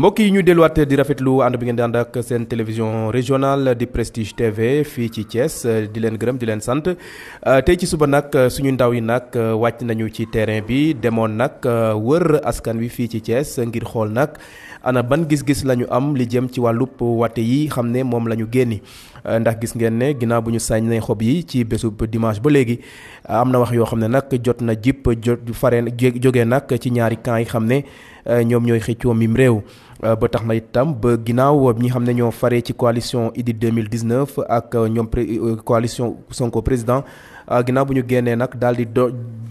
mbokk yi ñu delluwaat di rafetlu ànd bi ngeen di ànd ak seen télévision régionale di Prestige TV fii ci cees di leen gërëm di leen sant euh, tey ci suba nag euh, suñu ndaw yi nag euh, wàcc nañu ci terrain bi demoon nag wër askan wi fii ci cees ngir xool nag ana ban gis-gis la ñu am li jëm ci wàllub wate yi xam ne moom la ñu génni Euh, ndax gis ngeen ne ginnaaw bu ñu xob yi ci bésub dimanche ba léegi am na wax yoo xam ne nag jot na jip jot fare jógee nag ci ñaari camp yi xam ne euh, ñoom ñooy xëccoo mim réew euh, ba tax na itam ba ginnaaw ñi xam ne ñoo fare ci coalition Idy 2019 ak ñoom coalition Sonko président ginnaaw bu ñu génnee nag daal di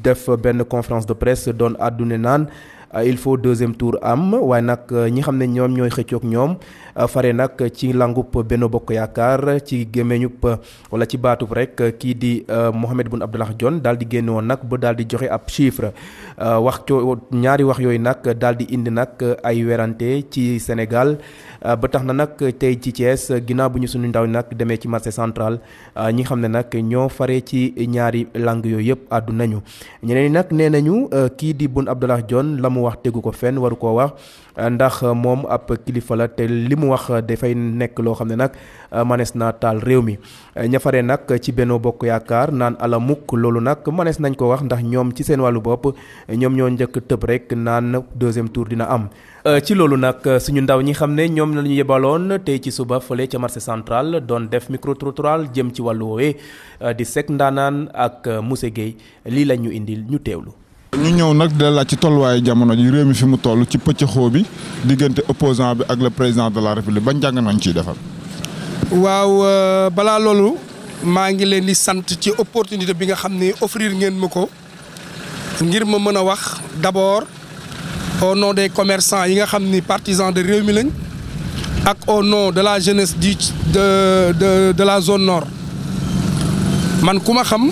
def benn conférence de presse doon àddune naan Euh, il faut deuxième tour am waaye nag euh, ñi xam ne ñoom ñooy xëccoog ñoom euh, fare nag ci langub benn Bokk Yaakaar ci gémmeñu gémmeñub wala ci baatub rek kii di Mohamed Boun Abdallah Dionne daal di génn woon nag ba daal di joxe ab chiffre wax coo ñaari wax yooyu nag daal di indi nag ay werante ci Sénégal ba tax na nag tey ci Thiès ginnaaw bu ñu suñu ndaw nag demee ci marché central ñi xam ne nag ñoo fare ci ñaari langue yooyu yëpp àddu nañu ñeneen nag nee nañu kii di Boun Abdallah wax tegu ko fenn waru koo wax ndax moom ab kilifa la te li mu wax dafay nekk loo xam ne nag manees na taal réew mi ñafare nag ci benn Bokk Yaakaar naan ala mukk loolu nag manees nañ ko wax ndax ñoom ci seen wàllu bopp ñoom ñoo njëkk tëb rek naan deuxième tour dina am ci loolu nag suñu ndaw ñi xam ne ñoom la ñu yebaloon tey ci suba fële ca marché central doon def micro jëm ci wàllu woowee di sek ndaanaan ak Moussé Gueye lii la ñu indil ñu teewlu ñu ñëw nag de la ci tolluwaayu jamono ji réew mi fi mu toll ci pëccëxoo bi diggante opposant bi ak le président de la république ban jàng nañ ciy defal. waaw euh, balaa loolu maa ngi leen di sant ci opportunité bi nga xam ni offrir ngeen ma ko ngir ma mën a wax d'abord au nom des commerçants yi nga xam ni partisans de réew mi lañ ak au non de la jeunesse du de de de la zone nord man ku ma xam.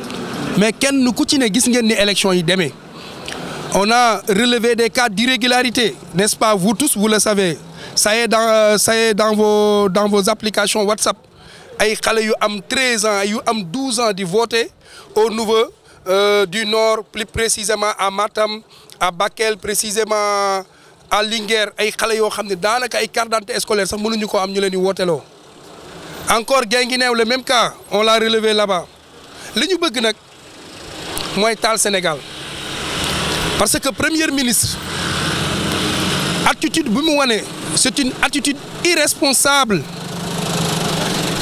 mais quand nous continuons, ne gis ngeen ni élection yi on a relevé des cas d'irrégularité n'est-ce pas vous tous vous le savez ça est dans euh, ça est dans vos dans vos applications WhatsApp il y a 13 ans il yu am 12 ans de voter au Nouveau, euh, du nord plus précisément à Matam à Bakel précisément à Linger. ay y a xam ne daanaka ay carte d'identité scolaire sax mënuñu ko am ñu encore Guinguinéo le même cas on l'a relevé là-bas Ce bëgg suis au Sénégal parce que premier ministre attitude de c'est une attitude irresponsable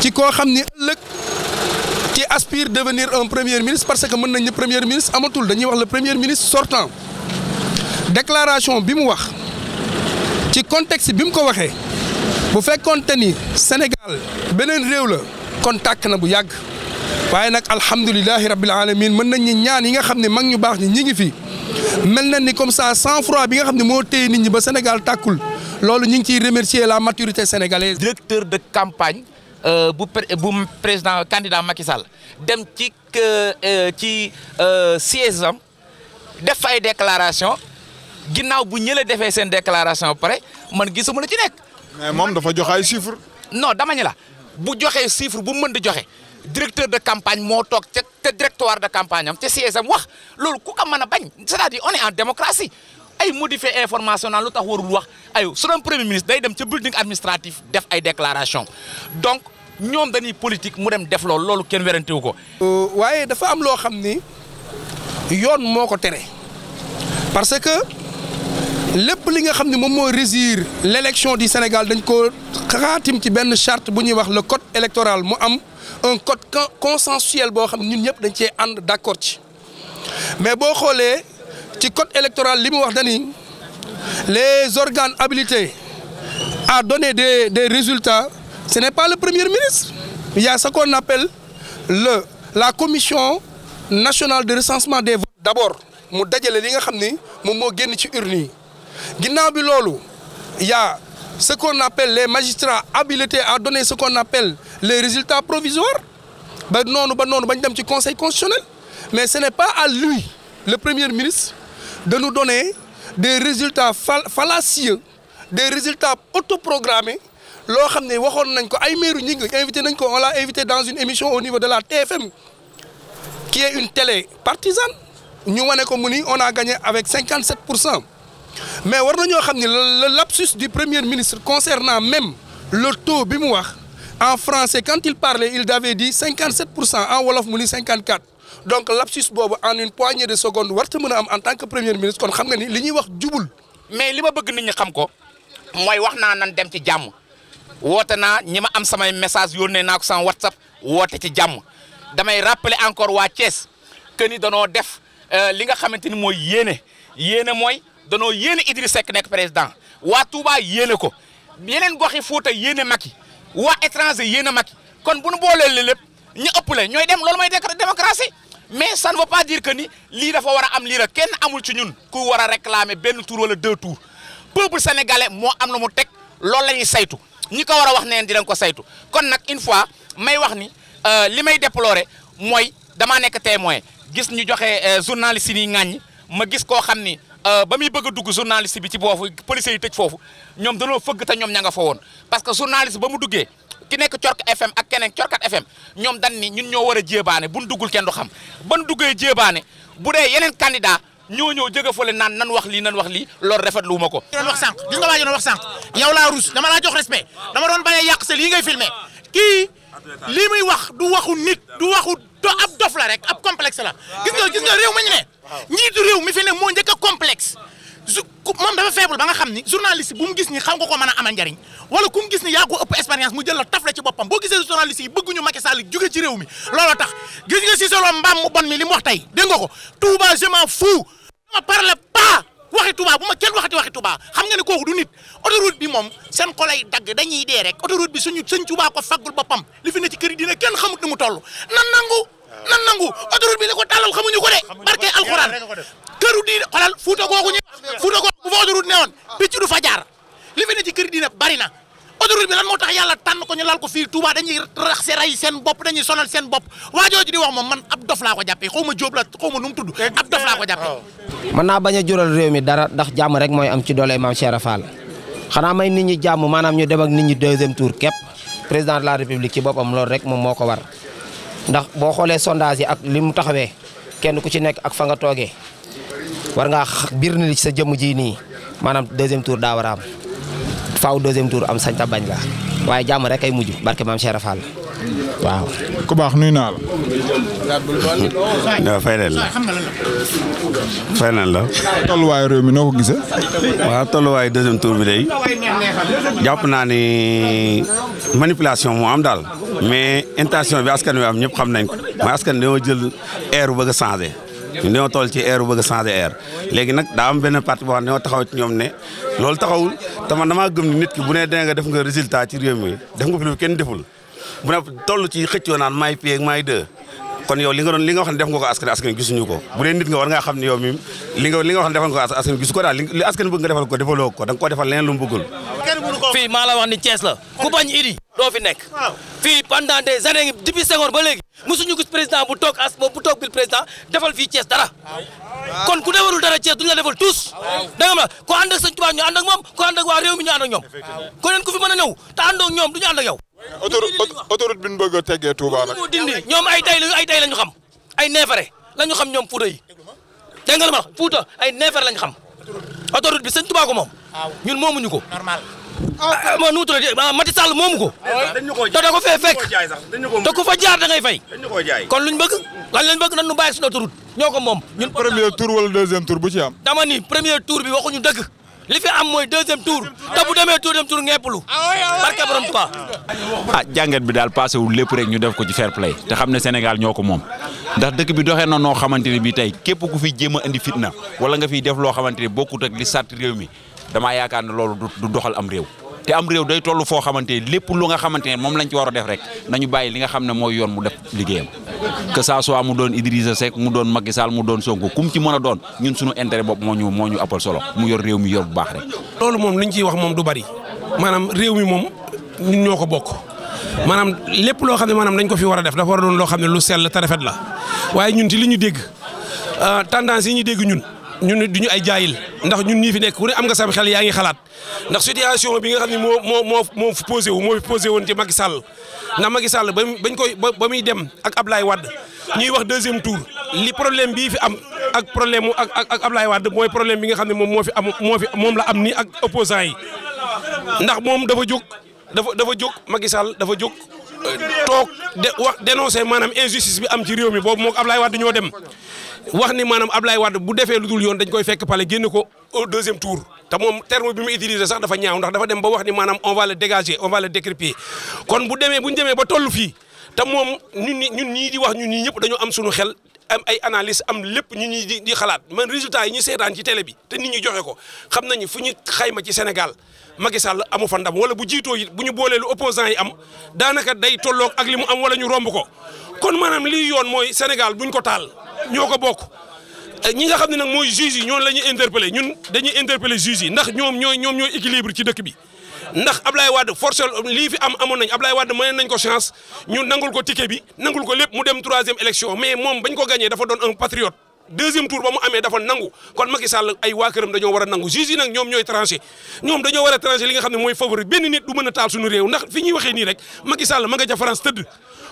qui qui aspire devenir un premier ministre parce que mën premier ministre le premier ministre sortant déclaration bi qui contexte bi ko Sénégal le contact waaye nak alhamdulilahi rabbil alamin mën nañ ñi ñaan yi nga xam mag ñu bax ni ñi ngi fi mel na ni comme ça sans froid bi nga xam mo tey nit ñi ba Sénégal takul lolu ñi ngi ci remercier la maturité sénégalaise. directeur de campagne euh, bu bu président candidat Macky Sall dem ci euh, euh, ci siège am def fa ay déclaration ginnaaw bu ñële défé sen déclaration pare man gisuma la ci nek mais mom dafa joxe ay chiffres. non dama ñu la bu joxé chiffre bu mën di joxe. directeur de campagne moo toog ca ca directoire de campagne am wax loolu ku ko mën a bañ c'est-à-dire on est en démocratie ay modifier information naan lu tax warul wax ayo su doon premier ministre day dem ci building administratif def ay déclaration donc ñoom dañuy politique mu dem def loolu loolu kenn werante ko. Euh, waaye dafa am loo xam ni yoon moo ko tere parce que lépp li nga xam ne moom moo régir l' élection du Sénégal dañ ko xaatim ci benn charte bu ñuy wax le code électoral mu am. un code consensuel pour xamni ñun ñëpp dañ d'accord ci mais bo xolé ci code électoral li wax les organes habilités à donner des résultats ce n'est pas le premier ministre il y a ce qu'on appelle le la commission nationale de recensement des votes d'abord mu dajale li nga xamni ni mo génn ci urne ginnaw y a ce qu'on appelle les magistrats habilités à donner ce qu'on appelle les résultats provisoires nous non, un conseil constitutionnel mais ce n'est pas à lui le premier ministre de nous donner des résultats fallacieux des résultats autoprogrammés on l'a invité dans une émission au niveau de la TFM qui est une télé partisane Nous, on a gagné avec 57 mais war nañoo savoir le lapsus du premier ministre concernant même le taux bi en français quand il parlait il avait dit 57 en wolof mu 54 donc lapsus en une poignée de secondes en tant que premier ministre kon xam nga ni wax jubul. mais li ma bëgg nit ñi xam ko mooy wax naa nan dem ci jàmm woote messages ñi ma am samay message yónnee naa ko sama whatsapp woote ci jàmm damay rappeler encore à Thiès que ni ce def euh, li nga xamante ni que nous yéene danoo yene Idrissa nek nekk président waa Touba yene ko yeneen gox yi yene yéene wa waa étranger yéene Macky kon bu nu boolee li lépp ñu ëppale ñooy dem loolu mooy démocratie mais ça ne veut pas dire que ni li dafa wara am li la kenn amul ci ñun ku wara réclamer benn tour wala deux tours peuple sénégalais mo am na mu tek loolu lañuy saytu ñi ko war a wax né di lañ ko saytu kon nak une fois may wax ni euh, li may déplorer moy dama nek témoin gis ñu joxé euh, journaliste ni ngagne ma gis ko xamni Euh, bami bëgg dugg journaliste bi ci bofu police yi tëj fofu ñom dañu fëgg ta ñom ñanga fa woon parce que journaliste ba mu duggee ki nekk ciork FM ak keneen Corkat FM ñom dañ ni ñun ño wara jébané jéebaane buñ duggul kenn du xam ban duggé jébané bu dé yenen candidat ñoo ñëw jëga fale naan nan wax li nan wax li loolu rafet lu mako ñu wax sank gis nga waji ñu wax sank yow la rus dama la jox respect dama doon balee yàq sa li ngay filmé ki li muy wax du waxu nit du waxu do ab dof la rek ab complexe la gis nga gis nga rew ma ñu né njiitu réew mi fi ne moo njëkk a complexe ju moom dafa faible ba nga xam ni journaliste bu mu gis ni xam nga ko mën a amal njariñ wala ku mu gis ni yaa ko ëpp expérience mu jël la taf la ci boppam boo gisee journaliste yi bëgguñu Macky Sall jóge ci réew mi looloo tax gis nga si solo mbaam mu bon mi li mu wax tey dégg ko Touba je m'en fous dama parle pas waxi bu ma kenn waxati waxi Touba xam nga ne kooku du nit autoroute bi moom seen ko lay dagg dañuy dee rek autoroute bi suñu sëñ Touba ko faggul boppam li fi ne ci kër dina kenn xamut ni mu toll nan nangu nan nangu autoroute bi la ko tàllal xamuñu ko de barke alxuraan këru diine xolal fuuta googu ñu fuuta googu bu fa autoroute ne woon picc du fa jaar li fi ne ci kër diine bari na autoroute bi lan moo tax yàlla tànn ko ñu laal ko fii Touba dañuy rax se rey seen bopp dañuy sonal seen bopp waa jooju di wax moom man ab dof laa ko jàppee xaw ma jóob la xaw ma nu mu tudd ab dof laa ko jàppee mën naa bañ a jural réew mi dara ndax jàmm rek mooy am ci doole Maam Cheikh Fall xanaa may nit ñi jàmm maanaam ñu dem ak nit ñi deuxième tour képp président de la république ci boppam loolu rek moom moo ko war ndax boo xoolee sondage yi ak li mu taxawee kenn ku ci nekk ak fa nga toogee war ngaa bir na li sa jëmm ji nii maanaam deuxième tour daa war a am faaw deuxième tour am sañ ta bañ la waaye jàmm rek ay mujj barke maam Cheikh waaw. ku baax nuyu final la. Final fay leen la. fay leen la. tolluwaayu réew mi noo ko gisee. waaw tolluwaayu deuxième tour bi day jàpp naa ni manipulation moo am daal. mais intention bi askan wi am ñëpp xam nañ ko mooy askan wi dañoo jël air bëgg a changé. ñun dañoo toll ci air bëgg a changé air léegi nag daa am benn parti boo xam ne dañoo taxaw ci ñoom ne loolu taxawul te man damaa gëm ni nit ki bu ne dee nga def nga résultat ci réew mi def nga fi lu kenn deful. bu ne tollu ci xëccoo naan may pii ak may deux kon yow li nga doon li nga xam def nga ko askan askan gisuñu ko bu dee nit nga war nga xam ni yow mi li nga li nga xam ne defal nga askan gisu ko daal li askan bëgg nga defal ko defaloo ko da nga koo defal leneen lu bëggul fii maa la wax ni Thiès la ku bañ Idi doo fi nekk fii pendant des années depuis Senghor ba léegi mosuñu gis président bu toog as bu toog bil président defal fii Thiès dara kon ku defarul dara Thiès duñu la defal tous da nga ma ko ànd ak Sëñ Tuubaa ñu ànd ak moom ko ànd ak waa réew mi ñu ànd ak ñoom ko neen ku fi mën a ñëw te ak ñoom duñu ànd ak yow autoroute autoroute bi ñu bëgg a teggee Touba nag. dindi ñoom ay tay lañu ay tay xam ay neefere lañu xam ñoom Fuuta yi ma Fuuta ay neefere lañu xam autoroute bi sëñ Touba ko moom. ñun moomuñu ko. normal ah, ah ma nu mu tuddati ah Macky moomu ah, ko. te da ko fee fekk te fa jaar da fay. kon luñ bëgg lan lañ bëgg nan nu bàyyi suñu autoroute ñoo ko moom. ñun premier tour wala deuxième tour bu ci am. dama ni premier tour bi waxuñu dëgg. li fi am mooy deuxième tour te bu demee deuxième tour ngeppalu ah ah ah barke borom Tuubaa ah jàngat bi daal passé wul lépp rek ñu def ko ci fair play te xam ne Sénégal ñoo ko moom ndax dëkk bi doxee na noo xamante ne bii tey képp ku fi jéem a fitna wala nga fiy def loo xamante ne ak li sart réew mi damaa yaakaar ne loolu du doxal am réew te am réew day toll foo xamante ne lépp lu nga xamante ne moom lañ ci war a def rek nañu bàyyi li nga xam ne mooy yoon mu def liggéeyam que ça soit mu doon Idrissa Seck mu doon Macky Sall mu doon Sonko kum ci mën a doon ñun suñu intérêt bopp moo ñu moo solo mu yor réew mi yor bu baax rek. loolu moom liñ ciy wax moom du bari maanaam réew mi moom ñun ñoo ko bokk maanaam lépp loo xam ne maanaam dañ ko fi war a def dafa war a doon loo xam ne lu sell te rafet la waaye ñun ci li ñu dégg euh, ñu dégg ñun ñun du ñu ay jaayil ndax ñun ñii fi nekk ku ne am nga sam xel yaa ngi xalaat ndax situation bi nga xam ne moo moo moo moo fi posé wu moo fi posé woon ci Macky Sall ndax Macky Sall ba bañ koy ba muy dem ak Ablaye Wade ñuy wax deuxième tour li problème bii fi am ak problème ak ak Ablaye mooy problème bi nga xam ne moom moo fi am moo fi moom la am ni ak opposant yi ndax moom dafa jóg dafa dafa jóg Macky Sall dafa jóg euh, toog de wax dénoncé maanaam injustice bi am ci réew mi boobu moog ablaay Wade ñoo dem. wax ni maanaam Ablaye Wade bu defee lu dul yoon dañ koy fekk pale génne ko au deuxième tour te moom terme bi mu utilisé sax dafa ñaaw ndax dafa dem ba wax ni maanaam on va le dégager on va kon bu demee bu ñu demee ba tollu fii te moom ni ñun ñii di wax ñun ñii ñëpp dañoo am suñu xel am ay analyse am lépp ñun ñii di di xalaat man résultat yi ñu seetaan ci télé bi te nit ñi joxe ko xam nañu fu ñu xayma ci Sénégal Macky Sall amu fa ndam wala bu jiitoo it bu ñu boolee lu opposant yi am daanaka day tolloog ak li mu am wala ñu romb ko kon maanaam lii yoon mooy Sénégal buñ ko taal ñoo ko bokk ñi nga xam ne nag mooy juges yi ñoom la ñuy ñun dañuy interpellé juges yi ndax ñoom ñooy ñoom ñooy équilibre ci dëkk bi ndax Ablaye Wade forcé lii fi am amoon nañ Ablaye Wade mayoon nañ ko chance ñu nangul ko ticket bi nangul ko lépp mu dem troisième élection mais moom bañ ko gagné dafa doon un patriote deuxième tour ba mu amee dafa nangu kon Macky Sall ay waa këram dañoo war a nangu juges yi ñoom ñooy tranché ñoom dañoo war a tranché li nga xam ne mooy favori benn nit du mën a taal suñu réew fi ñuy waxee nii rek Macky Sall ma nga ca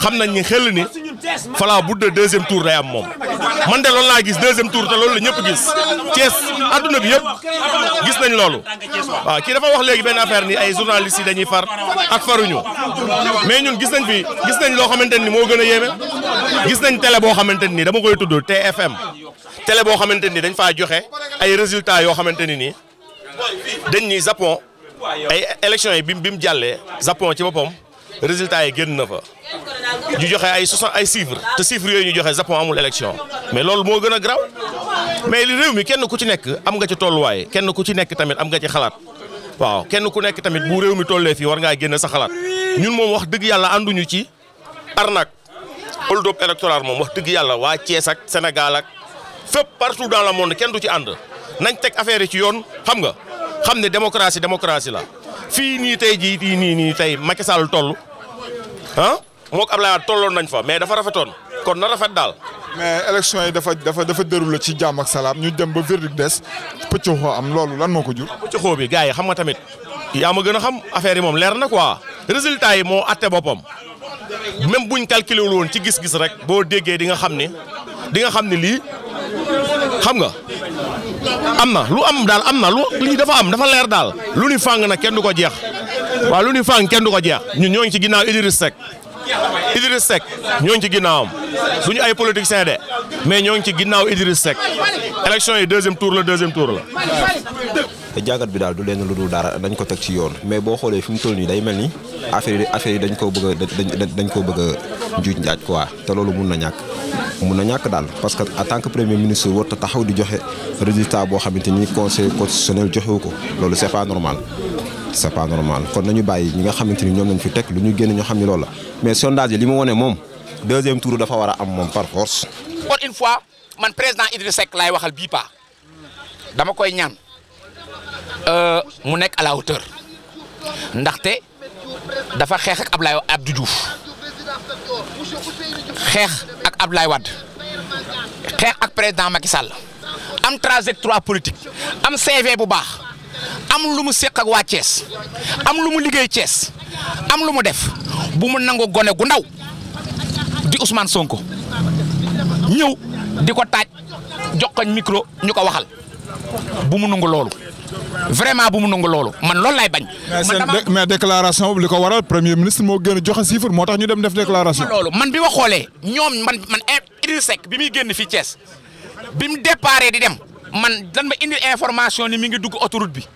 xam nañ ni xel ni Fala bu dee deuxième tour day am moom man de loolu laa gis deuxième tour te loolu la ñëpp gis Thiès adduna bi yëpp gis nañ loolu. waaw kii dafa wax léegi benn affaire ni ay journalistes yi dañuy far ak faruñu mais ñun gis nañ fi gis nañ loo xamante ni moo gën a yéeme gis nañ télé boo xamante ni dama koy tudd TFM télé boo xamante ni dañ faa joxe ay résultat yoo xamante ni nii dañ ni Japon ay élections yi bi bi mu jàllee Japon ci boppam. résultat yi génn na fa ñu joxe ay soixante ay chiffres te chiffres yooyu ñu joxe Japon amul élection mais loolu moo gën a graw mais li réew mi kenn ku ci nekk am nga ci tolluwaay kenn ku ci nekk tamit am nga ci xalaat waaw kenn ku nekk tamit bu réew mi tollee fii war ngaa génn sa xalaat ñun moom wax dëgg yàlla ànduñu ci arnaque hold-up électoral moom wax dëgg yàlla waa Thiès ak Sénégal ak fépp partout dans le na kenn du ci ànd nañ teg affaire yi ci yoon xam nga xam ne démocratie démocratie la. fii nii tey jii fii nii nii tey Macky toll ah moo ko Ablaye tolloon nañ fa mais dafa rafetoon kon na rafet daal. mais élection yi dafa dafa dafa déroulé ci jàmm ak salaam ñu dem ba verdict des pëccëxoo am loolu lan moo ko jur. pëccëxoo bi gars yi xam nga tamit yaa ma gën a xam affaire yi moom leer na quoi résultat yi moo atte boppam même buñ calculé wul woon ci gis-gis rek boo déggee di nga xam ne di nga xam ne lii xam nga. am na lu am daal am na lu lii dafa am dafa leer daal lu ni fàng nag kenn du ko jeex waaw lu ni fàng kenn du ko jeex ñun ñoo ngi ci ginnaaw Idriss Seck Idriss Seck ñoo ngi ci ginnaawam duñu ay politiciens de mais ñoo ngi ci ginnaaw Idriss Seck élection yi deuxième tour la deuxième tour la. te jàngat bi daal du leen lu dul dara dañ ko teg ci yoon mais boo xoolee fi mu toll nii day mel ni affaire yi affaire dañ ko bëgg a dañ koo bëgg a njuuj njaaj quoi te loolu mun na ñàkk mun na ñàkk daal parce que en tant que premier ministre warut a taxaw di joxe résultat boo xamante ni conseil constitutionnel joxewu ko loolu c'est pas normal c'est pas normal kon nañu bàyyi ñi nga xamante ni ñoom lañ fi teg lu ñu génn ñoo xam ni loolu la mais sondage yi li mu wone moom deuxième tour dafa war a am moom par fois man président Idrissa Seck laay waxal bii paa dama koy ñaan. Euh, mu nekk à la hauteur ndaxte dafa xeex ak Ablaye Abdou Diouf xeex ak ablaay Wade xeex ak président Macky Sall am trajectoire politique am CV bu baax am lu mu seq ak waa cees am lu mu liggéey Thiès am lu mu def bu mu nangu gone gu ndaw di Ousmane Sonko ñëw di ko taaj jox ko micro ñu ko waxal bu mu nangu loolu. vraiment bu mu nangu loolu man loolu laay bañ. mais déclaration bi li ko waral premier ministre moo gën a joxe chiffre moo tax ñu dem def déclaration. loolu man bi ma ñoom man man Idrissa bi muy génn fii Thiès bi mu départ di dem man dan ma indi information ni mi ngi dugg autoroute bi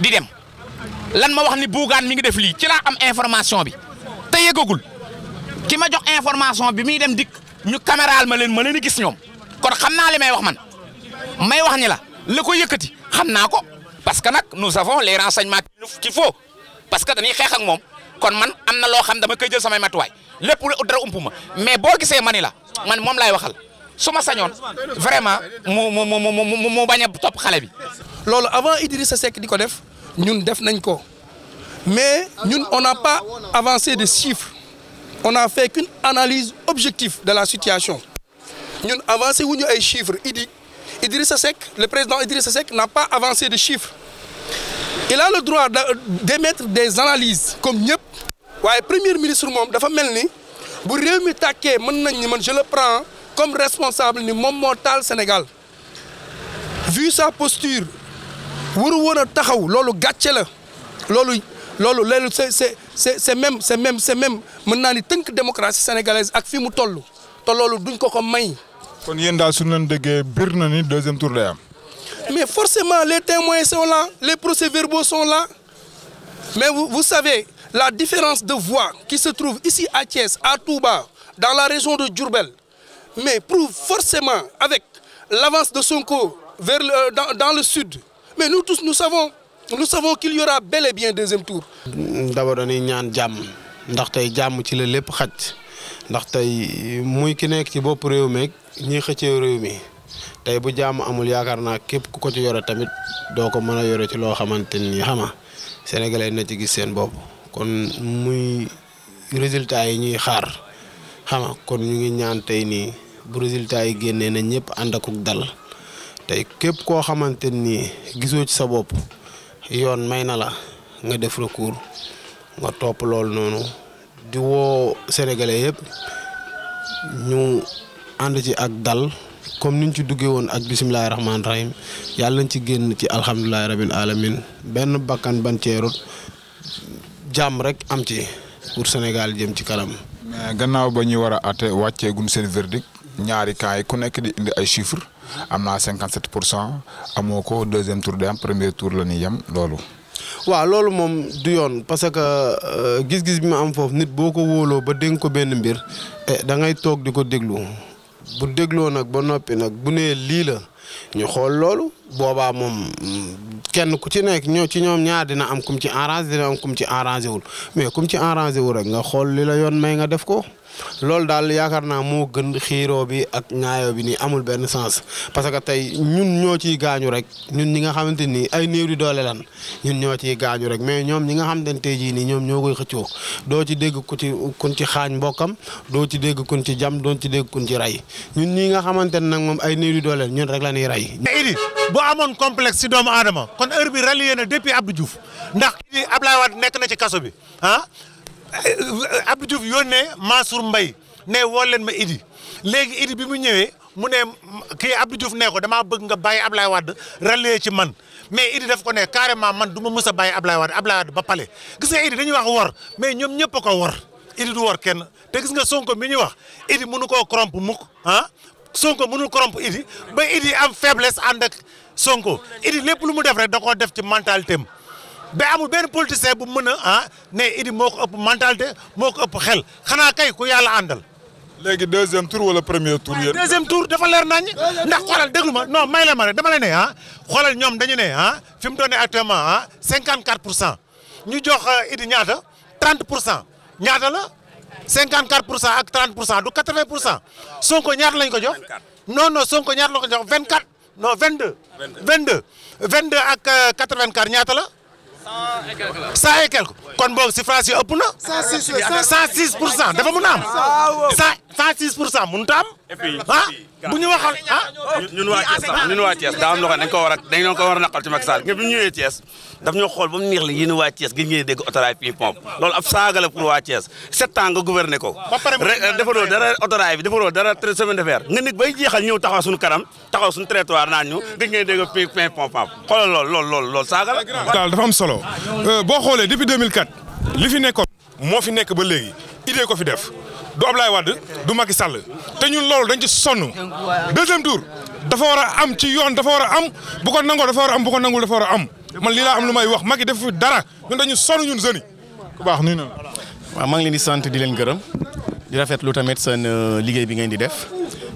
di dem lan ma wax ni Bougane mi ngi def lii ci laa am information bi te yëgagul ki ma jox information bi muy dem dikk ñu caméral ma leen ma leen gis ñoom kon xam naa li may wax man may wax ni la. le ko yëkkati xam naa ko parce que nag nous avons les renseignements qu'il faut parce que dañuy xeex ak moom kon man am na loo xam dama koy jël samay matuwaay lépp dara umpuma mais boo gisee mani la man moom laay waxal su ma sañoon vraiment mu mu mu mu mu bañ a topp xale bi. loolu avant Idrissa Seck di ko def ñun def nañ ko mais ñun on n'a pas avancé de chiffres on a fait qu'une analyse objective de la situation ñun avancé wuñu ay chiffres Idi. Idrissa Seck, le président Idrissa Seck n'a pas avancé de chiffres. Il a le droit d'émettre des analyses comme ñëpp waaye premier ministre moom dafa mel ni bu réew mi mën nañ ni man je le prends comme responsable ni moom moo Sénégal vu sa posture vous woon a taxaw loolu gàcce la loolu lolo, c'est c'est c'est même c'est même c'est même maintenant naa ni démocratie sénégalaise ak fi mu toll te loolu duñ ko ko may deuxième tour mais forcément les témoins sont là les procès-verbaux sont là mais vous, savez la différence de voix qui se trouve ici à Thiès à Touba dans la région de Djurbel, mais prouve forcément avec l'avance de Sonko vers dans, le sud mais nous tous nous savons nous savons qu'il y aura bel et bien deuxième tour. d'abord ndax tey muy ki nekk ci bopp réew meeg ñuy xëccee réew mi tey bu jàmm amul yaakaar naa képp ku ko ci yore tamit doo ko mën a yore ci loo xamante ni xama sénégalais na ci gis seen bopp kon muy résultat yi ñuy xaar xama kon ñu ngi ñaan tey nii bu résultat yi génnee na ñëpp ànd ak dal tey képp koo xamante nii gisoo ci sa bopp yoon may na la nga def recours nga topp loolu noonu di woo sénégalais yëpp ñu ànd ci ak dal comme niñ ci duggee woon ak bisimilahi rahmaani rahim yàlla nañ ci génn ci alhamdulilahi rabil alamin benn bakkan ban ceerut jàmm rek am ci pour Sénégal jëm ci kanam. mais gannaaw ba ñuy war a àtte wàcceeguñ seen verdict ñaari cas yi ku nekk di indi ay chiffres am naa 57 pour cent amoo ko deuxième tour day am premier tour la ñuy yem loolu. waaw loolu moom du yoon parce que euh, gis-gis bi ma am foofu nit boo ko wóoloo ba dénk ko benn mbir eh, da ngay toog di ko déglu bu dégloo nag ba noppi nag bu nee lii la ñu xool loolu boobaa moom kenn ku ci nekk ñoo ci ñoom ñaar dina am kum ci arrangé dina kum ci arrangé wul mais kum ci arrangé wul rek nga xool li la yoon may nga def ko. loolu daal yaakaar naa moo gën xiiro bi ak ñaayoo bi nii amul benn sens parce que tey ñun ñoo ciy gaañu rek ñun ñi nga xamante ni ay néew di doole lan ñun ñoo ciy gaañu rek mais ñoom ñi nga xamante ne tey jii nii ñoom ñoo koy xëccoo doo ci dégg ku ci kun ci xaañ mbokkam doo ci dégg kun ci jam doo ci dégg kuñ ci ray ñun ñi nga xamante ne nag moom ay néew di doole ñun rek la ñuy rey. idi bu amoon complexe si doomu aadama kon heure bi rallié na depuis Abdou Diouf ndax idi Abdoulaye nekk na ci kaso bi ah Eh, Abdou Diouf maa Mansour mbay ne woo leen ma Idi léegi Idi bi mu ñëwee mu ne kii Abdou Diouf ne ko damaa bëgg nga bàyyi Ablaye Wade rallier ci man mais Idi def ko ne carrément man du ma mës a bàyyi Ablaye Wade Ablaye Wade ba pale gis nga Idi dañuy wax wor mais ñoom ñëpp a ko wor Idi du wor kenn te gis nga Sonko mi ñuy wax Idi mënu koo corrompre mukk ah Sonko mënul corrompre Idi ba Idi am faiblesse ànd ak Sonko Idi lépp lu mu def rek da koo def ci mentalité am ba amul benn politicien bu mën a ah ne Idi moo ko ëpp mentalité moo ko ëpp xel xanaa kay ku yàlla àndal. léegi deuxième tour wala premier tour. yéen deuxième tour dafa leer nañ ndax xoolal déglu ma non may la ma rek dama lay ne ah xoolal ñoom dañu ne ah fi mu doon ne actuellement ah 54 pour cent ñu jox euh, Idi ñaata 30 pour cent ñaata la 54 pour cent ak 30 pour cent du 80 pour cent Sonko ñaata lañ ko jox. non non Sonko ñaata la ko jox 24 non 22. 22 22 ak 84 euh, ñaata la. cent et quelque kon boog suffrage yi ëpp na. cent six pour cent dafa mun a am. Ah, cent six pour cent mënut a am. ah. bu ñu waxal ah. ñun waa Thiès sax ñun waa Thiès ko war a dañ a naqal ci Macky Sall nga bi ñu ñëwee Thiès daf ñoo xool ba mu neex la yéen waa Thiès gi ngeen dégg autorail bi pompe loolu ab saaga la pour waa Thiès sept ans nga gouverner ko rek euh, defaloo dara autorail bi defaloo dara semaine de fer nga nit bay jeexal ñëw taxaw suñu kanam taxaw suñu trottoir naan ñu gëj ngeen dégg pi pin pompe xoolal loolu loolu loolu loolu saaga la daal dafa am solo euh, boo xoolee depuis 2004 li fi nekkoon moo fi nekk ba léegi idée ko fi def du Ablaye Wade du Macky Sall te ñun loolu dañ ci sonn deuxième tour dafa war a am ci yoon dafa war a am bu nangoo dafa war a am bu nangul dafa war a am man lii laa am lu may wax Macky def fi dara ñun dañu sonn ñun jeunes yi ku baax nuyu na waaw maa ngi leen di sant di leen gërëm di rafetlu tamit seen euh, liggéey bi ngeen di def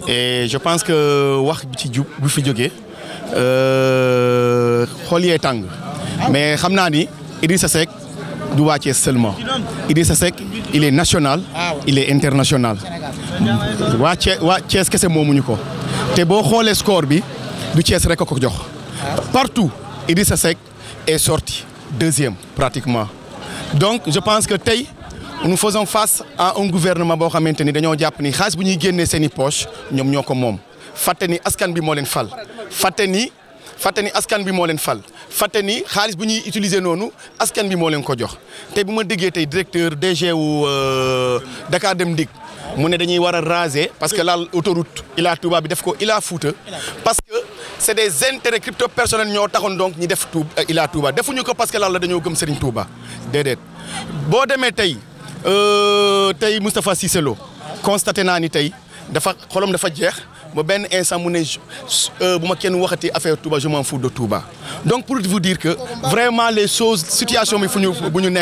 et je pense que euh, wax bi ci jub bu fi jógee euh, xool yee tàng ah. mais xam naa ni Idrissa Seck du Waa seulement Idrissa Seck il est national il est international waa Thiès waa Thiès kese moomuñu ko te boo xoolee score bi du Thiès rek a ko jox partout Idrissa Seck est sorti deuxième pratiquement donc je pense que Tay, nous faisons face à un gouvernement boo xamante ni dañoo jàpp ni xaalis bu ñuy génnee seen i poche ñoom ñoo ko moom ni askan bi fal fàtte ni fatani ni askan bi mo len fal fàtte ni bu ñuy utiliser nonu askan bi mo len ko jox te bu ma tay directeur DG wu euh, Dakar Dem Dikk mu né dañuy wara raser parce que l'autoroute il a Touba bi def ko a foutu parce que c'est des intérêts crypto personnels ñoo taxone donc ñi def euh, il a Touba defuñu ko parce que laal la dañoo gëm Serigne Touba déedéet bo démé tey euh, tey tay Mustapha Cisselo constaté na ni tay dafa xolom dafa jeex ba benn instant mu ne bu ma kenn waxati affaire Touba je m'en fous de Touba donc pour vous dire que vraiment les choses situation bi fu ñu bu ñu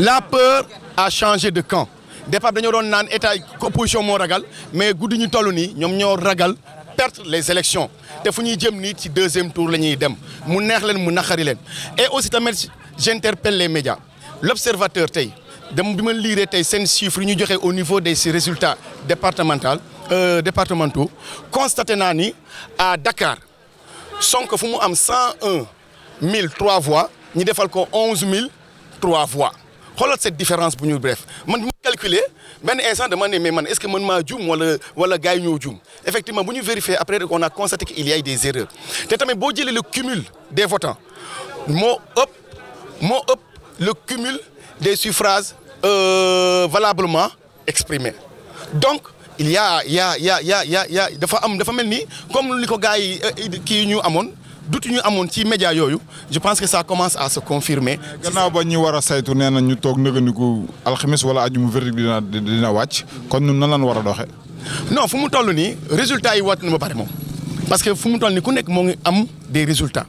la peur a changé de camp départ dañoo doon naan état opposition moo ragal mais guddi ñu toll nii ñoom ñoo ragal perdre les élections te fu ñuy jëm nii ci deuxième tour la ñuy dem mu neex leen mu naqari leen et aussi tamit j'interpelle les médias l'observateur tey dem bi ma liiree tey seen chiffres ñu joxe au niveau des résultats départemental. Euh, départementaux, constaté à Dakar, son que nous avons 101 trois voix, nous avons 11 000 trois voix. Regardez cette différence pour bref. Je calculer, ben instant demander, mais est-ce que je suis un ou un gars Effectivement, nous vérifier après on a constaté qu'il y a des erreurs. C'est le cumul des votants. hop, le cumul des suffrages euh, valablement exprimés. Donc, il y a il y a il y a il y a il y a dafa am dafa mel ni comme li ko gars yi euh, kii ñu amoon dut ñu amoon ci média yooyu je pense que ça commence à se confirmer. gannaaw ba ñu war a saytu nee na ñu toog nëgëniku alxames wala ajuma verdict dina dina wàcc kon ñun nan lan war a doxee. non fu mu toll résultat yi wàcc na ba pare parce que fu mu toll ku nekk ngi am des résultats.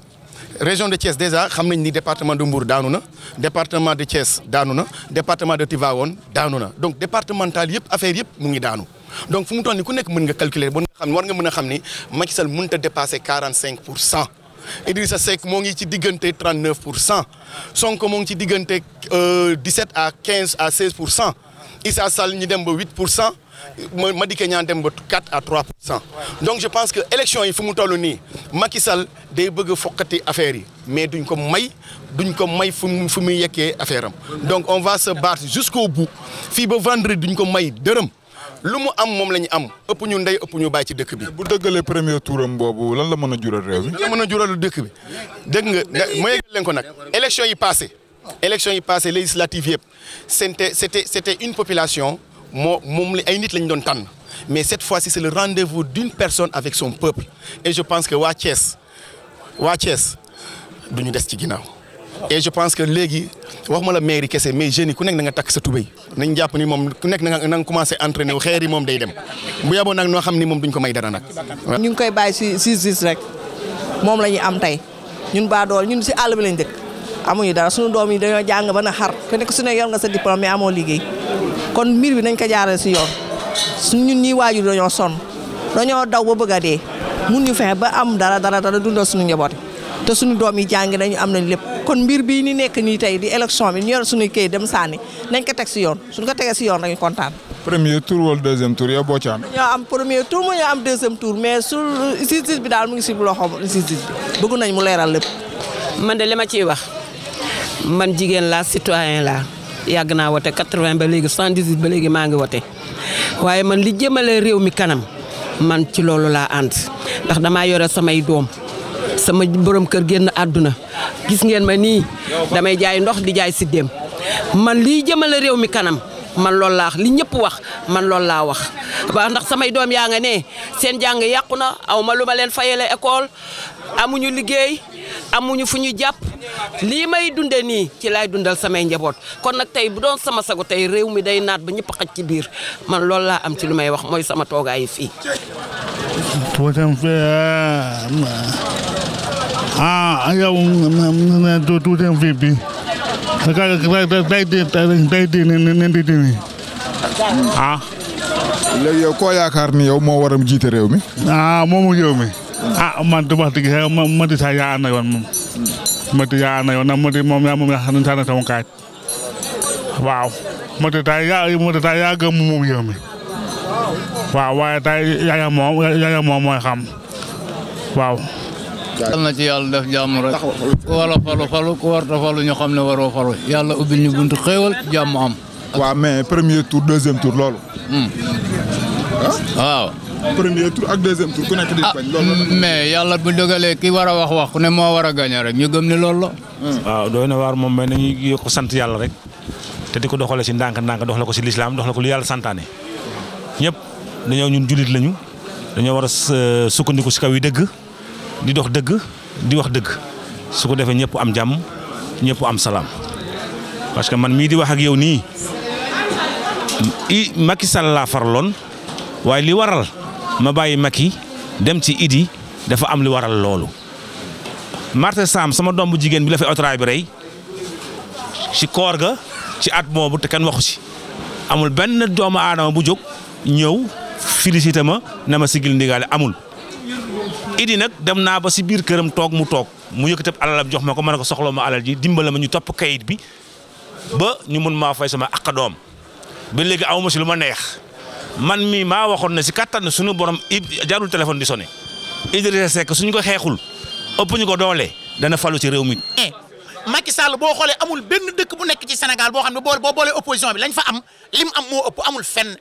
région de Thiès déjà xam nañ ni département de Mbour daanu département de Thiès daanu département de Tivaouane daanu donc départemental yëpp affaire yëpp mu ngi daanu. Donc, si vous avez un calculer, vous savez que Macky Sall peut dépasser 45%. Idrissa Seck mongi ci digënté 39%, Sonko mongi ci digënté 17 euh, à 15 à 16%, Issa Sall ñi dem ba 8%, Madi Kenya dem ba 4 à 3%. Donc je pense que l'élection il fu mu tollu ni Macky Sall day bëgg affaire yi mais duñ ko may duñ ko may fu affaire Donc on va se battre jusqu'au bout. Fi ba vendredi duñ ko may deureum lu mu am moom la am ëpp ñu ndey ëpp ñu bàyyi ci dëkk bi. bu dëggalee premier touram boobu lan la mën a jural réew mi. lan la dëkk bi nga ma ko élection yi passé élection yi passé législative c'était c'était c'était une population moo moom la ay nit lañ mais cette fois-ci c'est le rendez-vous d'une personne avec son peuple et je pense que waa Thiès waa Thiès du ñu des ci et je pense que légui waxuma la maire kessé mais jeune ku nek na nga tak sa toubay nañ japp ni mom ku nek na nga commencé entraîner xéer yi mom day dem bu yabo nak no xamni mom duñ ko may dara nak ñu ngi koy bay ci 6 rek mom lañuy am tay ñun ba dool ñun ci all bi lañ dëkk amuñu dara suñu doom yi dañu jang ba na xar ku nek suñu yor nga sa diplôme mais amo liggéey kon mbir bi nañ ko jaaré ci suñu ñun ñi waju dañu son dañu daw ba bëgga feba mënu ba am dara dara dara dundal suñu njabot te suñu doomi jang nañu am nañ lepp kon mbir bi ni nek ni tay di election bi ñu yor suñu kayit dem sani nañ ko tek ci yoon suñ ko tege ci yoon dañu kontaan. premier tour wala deuxième tour ya boo Ya, am. am premier tour mo ya am deuxième tour mais sur justice bi dal mu ngi si loxo justice bi bëgg nañ mu leral lepp man de lima ci wax man jigen la citoyen la yag na wote 80 ba legi 118 ba legi ma nga wote waye man li jëmale rew mi kanam man ci lolu la ant ndax dama yoré samay dom sama borom kër genn aduna gis ngeen ma ni damay jaay ndox di jaay sidem man lii jëmale rew mi kanam man la wax li ñepp wax man lol la wax ba ndax samay doom ya nga ne seen jang yaquna awma luma len fayele école amuñu liggéey amuñu fu ñu jàpp lii may dunde nii ci laay dundal samay njaboot kon nag tey bu doon sama sago tey réew mi day naat ba ñëpp xaj ci biir man loolu laa am ci lu may wax mooy sama toogaayu fii. Ah, ah yow tuuti fii bi day day day day ah. léegi yow koo yaakaar ni yow moo waram jiite réew mi. ah moomu réew mi. ah man de wax dëgg yàlla Mody sax yaa na yoon moom. Mody yaa na yoon nag Mody moom yaa moom yaa xam ne na sama kaaj waaw Mody taay yaa Mody moom yëw waaw waaye taay yaa moom yaa moom mooy xam waaw. yal na ci yàlla def jàmm rek ku war falu falu ku warta falu ñu xam ne waroo falu yàlla ubbil ñu buntu xéewal jàmm am. waaw mais premier tour deuxième tour loolu. Hmm. waaw. premier tour ak deuxième tour ku nekk di ah, bañ loolu mais yàlla bu dogalee ki war a wax wax ne moo war a gagné rek ñu gëm ne loolu la hmm. waaw doy na waar moom mais nañuy yokk sant yàlla rek te di ko doxale si ndànk ndànk doxale ko si lislaam doxale ko lu yàlla santaane ñëpp dañoo ñun julit lañu dañoo war a euh, sukkandiku si kaw yi dëgg di dox dëgg di wax dëgg su ko defee ñëpp am jàmm ñëpp am salaam parce que man mii di wax ak yow nii i Macky Sall laa faraloon waaye li waral ma bàyyi mag yi dem ci Idi dafa am lu waral loolu. Martin Sam sama doom jigéen bi la fi autoraay bi rey ci koor ga ci at moomu te kenn waxu ci amul benn doomu aadama bu jóg ñëw félicité ma na ma sigil ndigaale amul. Idi nag dem naa ba si biir këram toog mu toog mu yëkkati a jox ma ko ma ne ko soxla ma alal ji dimbala ma ñu topp kayit bi ba ñu mën maa fay sama ak doom ba léegi aw ma si lu ma neex. man mii maa waxoon ne si kattan suñu borom jarul téléphone di sonné Idrissa Seck suñu ko xeexul ëpp ñu ko doole dana falu ci réew mi. Eh, Macky Sall boo xoolee amul benn dëkk bu nekk ci Sénégal boo xam ne boo boo boolee opposition bi lañ fa am lim am moo ëpp amul fenn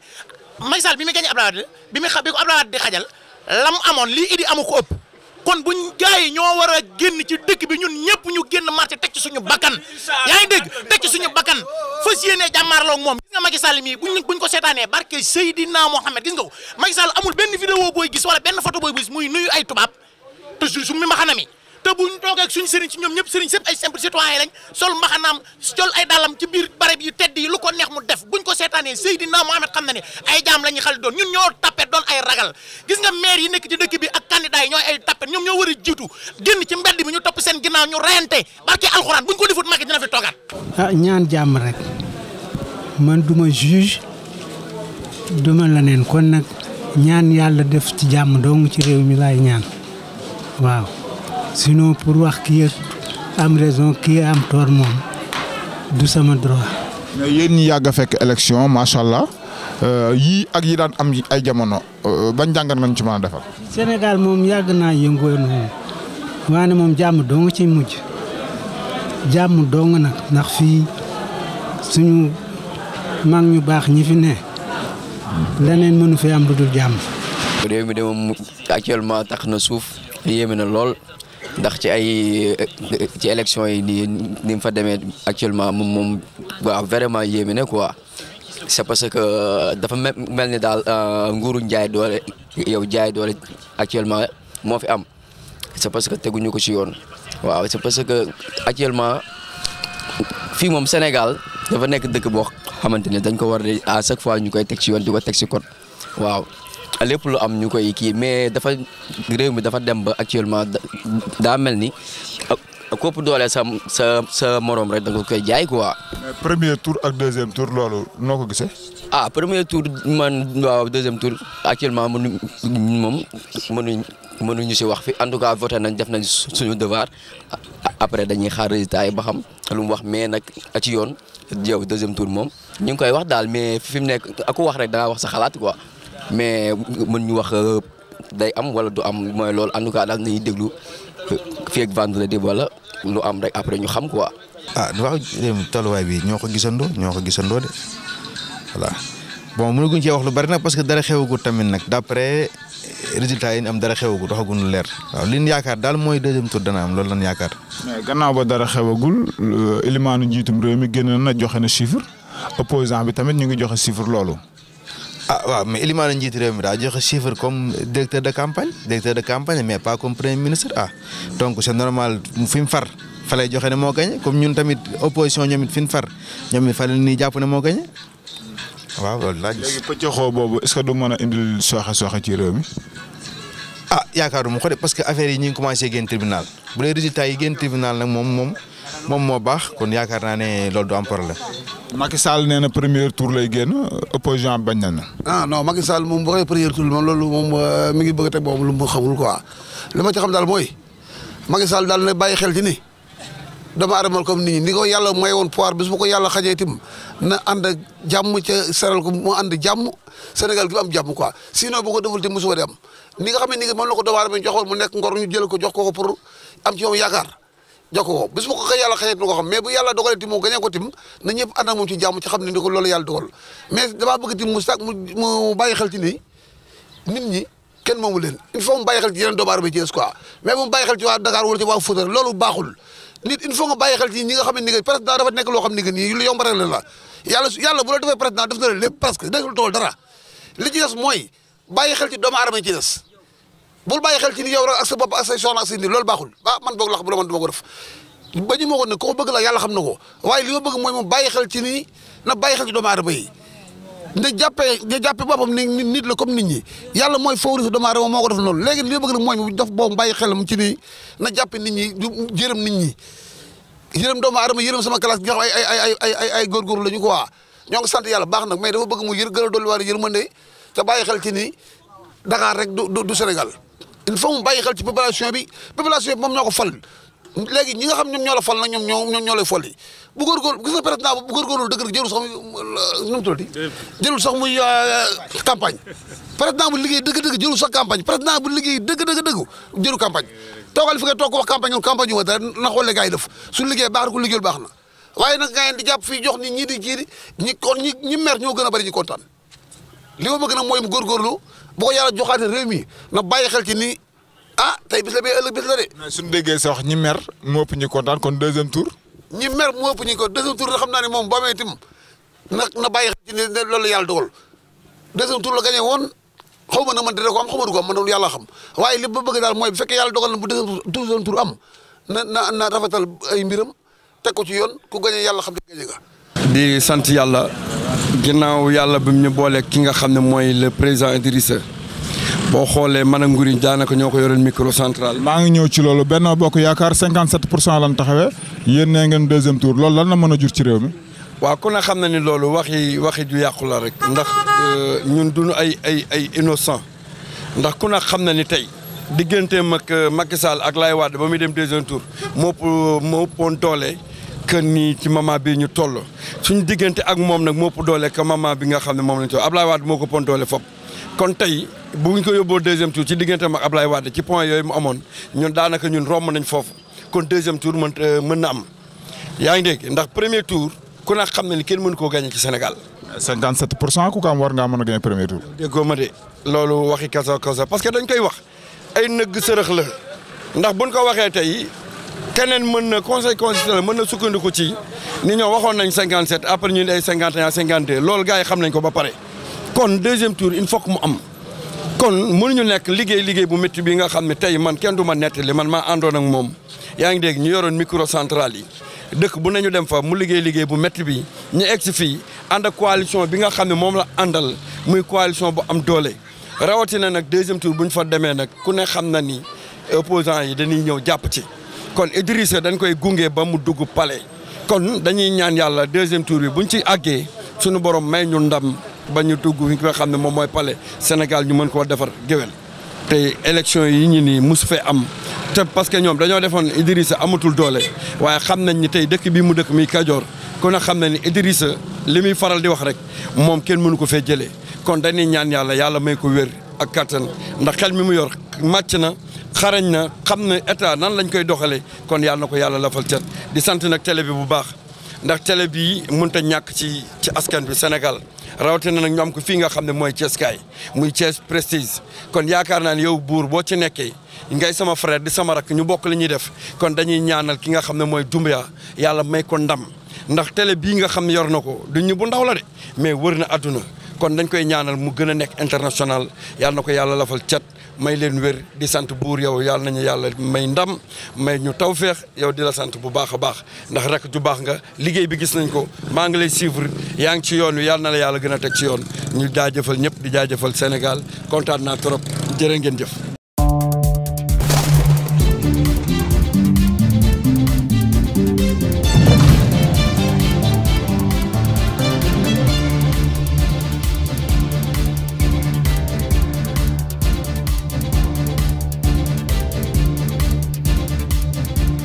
Macky bi muy gañ Abdoulaye Wade bi muy xa bi ko Abdoulaye di xajal lam amoon li idi amu ko ëpp. kon buñ gars yi ñoo war a génn ci dëkk bi ñun ñëpp ñu génn marché teg ci suñu bakkan yaa ngi dégg suñu bakkan fas yéenee jàmmaarloo ak moom gis nga bu Sall mii buñ buñ ko seetaanee barke Seydina Mohamed gis nga ko Macky Sall amul benn vidéo booy gis wala benn foto booy gis muy nuyu ay tubaab te su mi ma xanami te bu ñu toogee suñu sëriñ si ñoom ñëpp sëriñ sëpp ay simple citoyen lañ sol mbaxanaam sol ay dàllam ci biir barab yu tedd yi lu ko neex mu def buñ ko seetaanee mu Mohamed xam na ne ay jaam la ñuy xale doon ñu ñoo tappet doon ay ragal gis nga maire yi nekk ci dëkk bi ak candidat yi ñooy ay tappet ñoom ñoo war a jiitu génn ci mbedd bi ñu topp seen ginnaaw ñu reyante barke alxuraan buñ ko defut Macky dina fi toogaat. ah ñaan jàmm rek man du ma juge du ma leneen kon nag ñaan yàlla def ci jàmm dong ci réew mi ñaan sinon pour wax kii am raison kii am tort moom du sama droit. mais yéen ñi yàgg a fekk élection macha allah euh, yii ak yi daan am ay jamono euh, ban jàngat nañ ci mën a defal. Sénégal moom yàgg naa yëngoo noonu waane moom jàmm dong ci mujj jàmm dong nag ndax fii suñu mag ñu baax ñi fi ne leneen mënu fee am lu dul jàmm. réew mi de moom actuellement tax na suuf yéeme na lool ndax ci ay ci élection yi nii ni mu fa demee actuellement moom moom waaw vraiment yéeme ne quoi c'est parce que dafa mel ni daal euh, nguuru njaay doole yow jaay doole actuellement moo fi am c'est parce que teguñu ko si yoon waaw c'est parce que actuellement fii moom Sénégal dafa nekk dëkk boo xamante ni dañ ko war a à chaque fois ñu koy teg ci yoon di ko teg si code waaw a lépp lu am ñu koy kii mais dafa réew mi dafa dem ba actuellement daa mel ni kopp doole sa sa sa morom rek da koy jaay quoi. mais premier tour ak deuxième tour loolu noo ko gisee. ah premier tour man waaw deuxième tour actuellement mënu moom mënuñ mënuñu si wax fi en tout cas voté nañ def nañ suñu devoir après dañuy xaar résultat yi ba xam lu mu wax mais nag ci yoon yow deuxième tour moom ñu ngi koy wax daal mais fi mu nekk ku wax rek dangaa wax sa xalaat quoi. mais mën ñu wax euh, day am wala du am mooy loolu en tout cas daal nañuy déglu euh, fii ak vendredi wala lu am rek après ñu xam quoi. ah wax euh, tolluwaay bi ñoo ko gisandoo ñoo ko gisandoo de voilà bon mënaguñ cee wax lu bari nag parce que dara xewagul tamit nag d'après résultat yi ñu am dara xew xewagul waxaguñu leer. waaw li yaakaar daal mooy deuxième tour dana am loolu lan yaakaar. gannaaw ba dara xewagul ilimaanu njiitum réew mi génn na joxe na chiffre opposant bi tamit ñu ngi joxe chiffre loolu. ah waaw mais Elimane njiit réew mi daa joxe chiffre comme directeur de campagne directeur de campagne mais pas comme premier ministre ah donc c'est normal fi mu far fa lay joxe ne moo gañe comme ñun tamit opposition ñoom it far ñoom it fa la jàpp ne moo gañe waaw loolu laa gis. léegi boobu est que du mën a indil sooxe sooxe ci réew mi. ah yaakaaruma ko de parce que affaire yi ñu ngi commencé génn tribunal bu dee résultat yi génn tribunal nag moom moom moom moo kon yaakaar naa ne loolu du am problème. Macky Sall nee na premier tour lay génn opposition bañ nañ na. ah non Macky Sall moom bu waxee premier tour moom loolu moom euh, mi ngi bëgg teg boobu lu mu xamul quoi li ma ci xam daal mooy Macky Sall daal na bàyyi xel ci ni doomu aadama comme nit ñi ni ko yàlla may woon pouvoir bis ko yàlla xañee tim na ànd ak jàmm ca seral ko mu ànd jàmm Sénégal gi am jàmm quoi sinon bu ko deful tim mosu ko di am ni nga xam ne ni moom la ko doomu aadama joxoon mu nekk ngor ñu jël ko jox ko ko pour am ci moom jokk ko bis bu ko xëy yàlla xëy na ko xam mais bu yàlla dogalee tim mu gañee ko tim na ñëpp ànd ak moom ci jàmm ci ni ko loolu yàlla dogal mais damaa bëgg tim mu sàkk mu mu nit ñi kenn moomu leen il bay mu bàyyi xel ci yeneen doomu aadama ci waa Dakar loolu baaxul nit nga bàyyi xel ci ñi nga xam ne ni nga président dafa nekk loo xam ne que nii lu yomb rek la yàlla yàlla bu la dara li ci des mooy bàyyi xel ci doomu aadama bul bàyyi xel ci ni yow rek ak sa bopp ak say soxna ak say nit loolu baaxul ah man boog lax bu la man du ma ko def ba ne ko bëgg la yàlla xam na ko waaye li ma bëgg moom bàyyi xel ci ni na bàyyi xel ci doomu aadama yi da jàppee da jàppee ni nit la comme nit ñi yàlla mooy favoriser doomu moo ko def noonu léegi li ma bëgg nag mooy mu def boppam bàyyi xelam ni na jàppe nit ñi jërëm nit ñi yërëm doomu aadama yërëm sama classe gi nga xam a ay ay ay ay ay góorgóorlu la ñu ñoo ngi sant yàlla baax nag mais dafa bëgg mu yër gën a dolli waar ne te bàyyi xel ci ni Dakar rek du du Sénégal il faut mu bàyyi xel ci population bi population bi mom ñoo ko fal léegi ñi nga xam ñoom ñoo la fal nag ñoom ñoo ñoom ñoo lay folli bu góorgóorlu gis nga président bu góorgóorlu dëgg-dëgg jëlul sax muy nu mu tuddati jëlul sax muy euh, campagne président bu liggéey dëgg-dëgg jëlul sax campagne président bu liggéey dëgg-dëgg dëgg jëlul campagne toogal fi nga toog wax campagne campagne yu dara na def baax ku baax na di jàpp fii jox ni ñii di ñi kon ñi mer ñoo gën a ñi li boo ko yàlla joxaatee réew mi na bàyyi xel ci nii ah tey bis la bee ëllëg bis la de. mais suñu déggee sa wax ñi mer moo ëpp ñu kontaan kon deuxième tour. ñi mer moo ëpp ñu ko deuxième tour xam naa ne moom boo amee itam na na bàyyi xel ci ne loolu la yàlla dogal tour la gagné woon xaw ma nag man dina ko am xaw ma du ko yàlla xam waaye li ba bëgg daal mooy bu fekkee yàlla dogal na bu deuxième deuxième tour am na na na rafetal ay mbiram teg ko ci yoon ku gagné yàlla xam ne ka nga di sant yàlla ginnaaw yàlla bi ñu boolee ki nga xam ne mooy le président Idrissa boo xoolee man a nguriñ daanaka ñoo ko yoreel micro central. maa ngi ñëw ci loolu benn Bokk Yaakaar 57 pour cent lan taxawee yéen nee ngeen deuxième tour loolu lan na mën a jur ci réew mi. waaw ku na xam na ni loolu waxi waxi ju yàqu la rek ndax euh, ñun duñu ay ay ay innocent ndax ku ne xam na ni tey digganteem ak euh, Macky Sall ak Laye Wade ba muy dem deuxième tour moo moo ëppoon doole que nii ci moment bii ñu toll suñ diggante ak moom nag moo ëpp doole que moment bi nga xam ne moom lañ toll Ablaye Wade moo ko pon doole fop kon tey bu ñu ko yóbboo deuxième tour ci digganteem ak Ablaye Wade ci point yooyu mu amoon ñun daanaka ñun romb nañ foofu kon deuxième tour mën euh, mën na am yaa ngi dégg ndax premier tour ku ne xam ne ni kenn mënu koo gagné ci Sénégal. 57 pour cent ku ko am war ngaa mën a gagné premier tour. déggoo ma de loolu waxi kaso kaso parce que dañ koy wax ay nëgg sërëx la ndax buñ ko waxee tey. keneen mën na conseil constitutionnel mën na sukkandiku ci ni ñoo waxoon nañ 57 après ñu ne ay 51 52 loolu gars yi nañ ko ba pare. kon deuxième tour il faut mu am kon ñu nekk liggéey liggéey bu métti bi nga xam ne tey man kenn du ma nettali man maa àndoon ak moom yaa ngi dégg ñu yoroon microcentrale yi. dëkk bu nañu dem fa mu liggéey liggéey bu métti bi ñu egg si fii ànd ak coalition bi nga xam ne moom la àndal muy coalition bu am doole rawatina nag deuxième tour bu ñu fa demee nag ku ne xam na ni opposants yi dañuy ñëw jàpp ci. kon Idrissa dañ koy gunge ba mu dugg palais kon dañuy ñaan yàlla deuxième tour bi buñ ci àggee sunu borom may ñu ndam ba ñu dugg fi nga xam ne moom mooy pale Sénégal ñu mën koo defar géwél te élection yi ñu nii musu fee am te parce que ñoom dañoo defoon Idrissa amatul doole waaye xam nañ ni tey dëkk bi mu dëkk muy Kajoor kon a xam na ni Idrissa li muy faral di wax rek moom kenn mënu ko fee jëlee kon dañuy ñaan yàlla yàlla may ko wér ak kattan ndax xel mi mu yor na xarañ na xam na état nan lañ koy doxalee kon yàlla na ko yàlla lafal cat di sant nag télé bi bu baax ndax télé bi mënut a ñàkk ci ci askan bi Sénégal rawatina nag ñoom ko fii nga xam ne mooy Thiès kaay muy Thiès prestige kon yaakaar naa ne yow buur boo ci nekkee ngay sama frère di sama rakk ñu bokk li ñuy def kon dañuy ñaanal ki nga xam ne mooy Doumbia yàlla may ko ndam ndax télé bii nga xam ne yor na ko du ñu bu ndaw la de mais war na àdduna kon dañ koy ñaanal mu gën a nekk international yàlla na ko yàlla lafal cat. may leen wér di sant buur yow yàlla nañu yàlla may ndam may ñu taw feex yow di la sant bu baax a baax ndax rek ju baax nga liggéey bi gis nañ ko maa ngi lay suivre yaa ngi ci yoon wi yàlla na la yàlla gën a teg ci yoon ñu jaajëfal ñëpp di jaajëfal Sénégal kontaan naa trop jërë ngeen jëf